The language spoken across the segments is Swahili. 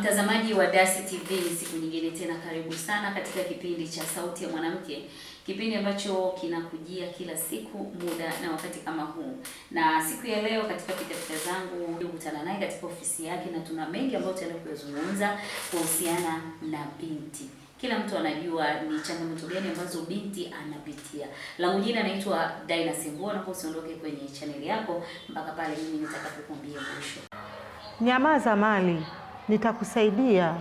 Mtazamaji um, wa Dasi TV, siku nyingine tena, karibu sana katika kipindi cha Sauti ya Mwanamke, kipindi ambacho kinakujia kila siku muda na wakati kama huu. Na siku ya leo katika pitapita zangu nilikutana naye katika ofisi yake, na tuna mengi ambayo tutaenda kuyazungumza kuhusiana na binti. Kila mtu anajua ni changamoto gani ambazo binti anapitia. La mwingine anaitwa Daina Sembua, na usiondoke kwenye chaneli yako mpaka pale mimi nitakapokuambia mwisho. Nyamaza mali nitakusaidia.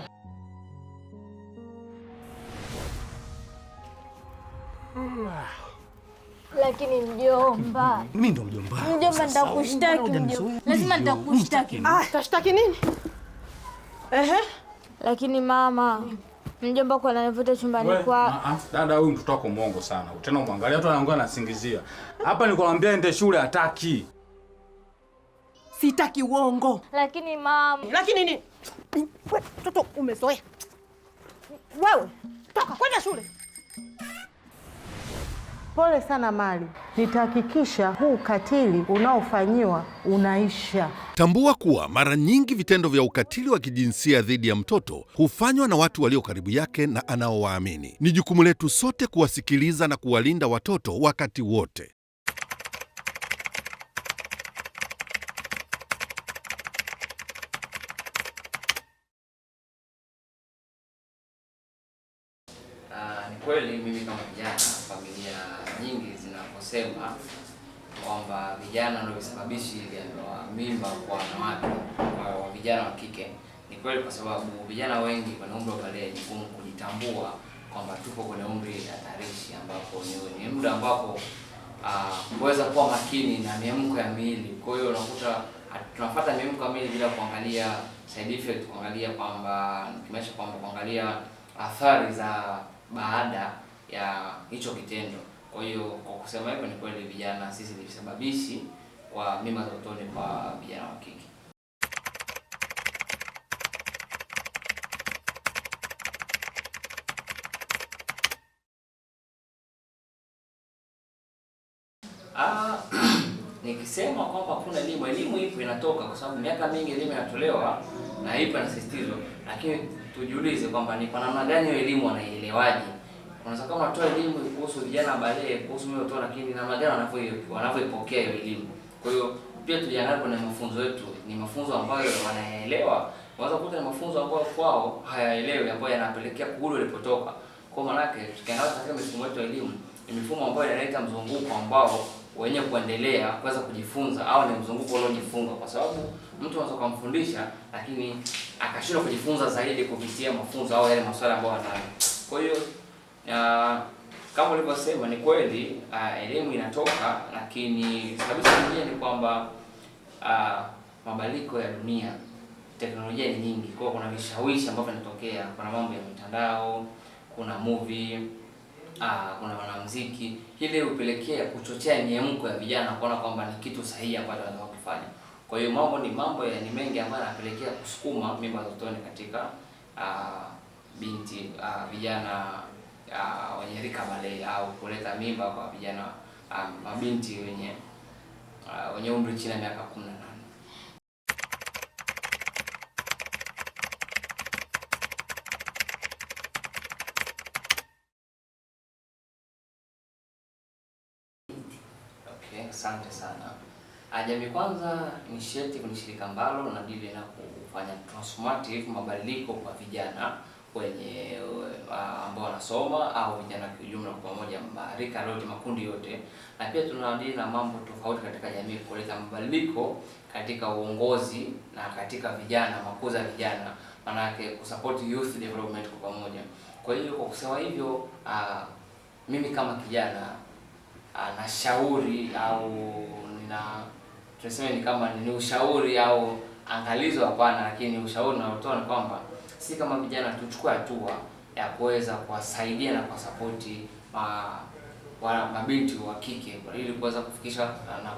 Lakini mjomba, mimi ndo mjomba. Mjomba, nitakushtaki mjomba, lazima nitakushtaki. Ah, tashtaki nini? Ehe, lakini mama mjomba kwa ananivuta chumbani kwa ah, dada. Huyu mtoto wako mwongo sana, tena umwangalia, tu anaongea anasingizia hapa. Nikwambia ende shule, hataki Sitaki uongo. Lakini mama. Lakini nini? Mtoto umezoea. Wewe toka kwenda shule. Pole sana Mali, nitahakikisha huu ukatili unaofanyiwa unaisha. Tambua kuwa mara nyingi vitendo vya ukatili wa kijinsia dhidi ya mtoto hufanywa na watu walio karibu yake na anaowaamini. Ni jukumu letu sote kuwasikiliza na kuwalinda watoto wakati wote. kweli mimi kama kijana, familia nyingi zinaposema kwamba vijana ndio visababishi vya ndoa mimba kwa wanawake wa vijana wa kike, ni kweli, kwa sababu vijana wengi kwenye umri wa balee ni ngumu kujitambua kwamba tupo kwenye umri hatarishi, ambapo ni ni muda ambapo kuweza ah, kuwa makini na miamko ya miili. Kwa hiyo unakuta tunafuata miamko ya miili bila kuangalia side effect, kuangalia kwamba kimesha kwamba kuangalia athari za baada ya hicho kitendo. Kwa hiyo kwa kusema hivyo, ni kweli vijana sisi ni visababishi kwa mimba za utotoni kwa vijana wa kike. Ah, nikisema kwamba kuna elimu, elimu ipo inatoka, kwa sababu miaka mingi elimu inatolewa na ipo inasisitizwa, lakini tujiulize kwamba ni kwa namna gani hiyo elimu wanaielewaje. Unaweza kama toa elimu kuhusu vijana balee kuhusu mimi toa, lakini namna gani wanavyoipokea hiyo elimu. Kwa hiyo pia tujiangalie kwenye mafunzo yetu, ni mafunzo ambayo wanaelewa Unaweza kukuta ni mafunzo ambayo kwao hayaelewi, ambayo yanapelekea kurudi walipotoka. Kwa maana yake tukiangalia katika mifumo yetu ya elimu ni mifumo ambayo inaleta mzunguko ambao wenye kuendelea kuweza kujifunza au ni mzunguko unaojifunga, kwa sababu mtu anaweza kumfundisha lakini akashindwa kujifunza zaidi kupitia mafunzo au yale masuala ambayo anayo. Kwa hiyo kama ulivyosema, ni kweli elimu inatoka, lakini sababu nyingine ni kwamba mabadiliko ya dunia, teknolojia ni nyingi, kwa kuna vishawishi ambavyo vinatokea, kuna mambo ya mitandao kuna movie aa, ah, kuna wanamuziki, ile hupelekea kuchochea nyemko ya vijana kuona kwamba ni kitu sahihi ambacho wanataka kufanya. Kwa hiyo mambo ni mambo ya ni mengi ambayo yanapelekea kusukuma mimba za utotoni katika aa, ah, binti aa, ah, vijana wenye rika bale au kuleta mimba kwa vijana mabinti wenye wenye umri chini ya miaka kumi na Asante sana. Ah, jamii Kwanza Initiative ni shirika ambalo linadili na kufanya transformative mabadiliko kwa vijana uh, ambao wanasoma au vijana kwa kwa pamoja, rika lote, makundi yote, na pia tunadili na mambo tofauti katika jamii, kuleta mabadiliko katika uongozi na katika vijana, makuza vijana, maanake kusupport youth development kwa pamoja. Kwa hiyo kwa kusema hivyo, uh, mimi kama kijana Ah, nashauri au nina tuseme ni kama ni ushauri au angalizo, hapana, lakini ushauri unaotoa ni kwamba si kama vijana tuchukue hatua ya kuweza kuwasaidia na kuwasapoti ma, wala mabinti wa kike ili kuweza kufikisha na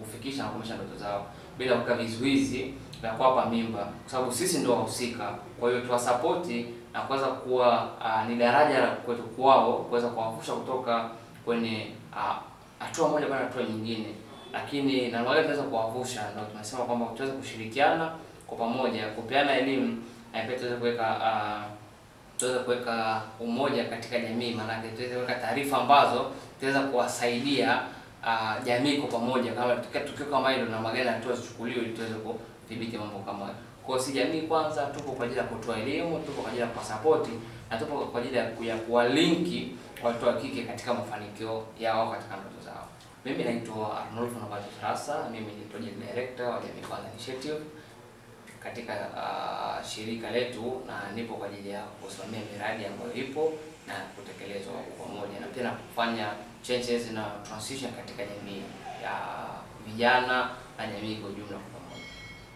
kufikisha na kumesha ndoto zao bila kukaa vizuizi vya kuwapa mimba, kwa sababu sisi ndio wahusika. Kwa hiyo tuwasapoti na kuweza kuwa uh, ni daraja la kwetu kwao kuweza kuwavusha kutoka kwenye Ah, hatua moja bwana hatua nyingine, lakini na wale tunaweza kuwavusha, ndio tunasema kwamba tutaweza kushirikiana kwa pamoja kupeana elimu na pia tuweze kuweka ah, tuweze kuweka umoja katika jamii, maanake tuweze kuweka taarifa ambazo tutaweza kuwasaidia uh, jamii kwa pamoja, kama tukio kama hilo na magari hatua zichukuliwe ili tuweze kudhibiti mambo kama hayo. Kwa si jamii kwanza, tupo kwa ajili ya kutoa elimu, tupo kwa ajili ya kuwasapoti na tupo kwa ajili ya kuwalinki watoto wa kike katika mafanikio yao katika ndoto zao. Mimi naitwa Arnulfo Novatus Rassa, mimi ni project director wa Jamii Kwanza Initiative katika uh, shirika letu na nipo kwa ajili ya kusimamia miradi ambayo ipo na kutekelezwa kwa pamoja na pia na kufanya changes na transition katika jamii ya vijana na jamii kwa ujumla.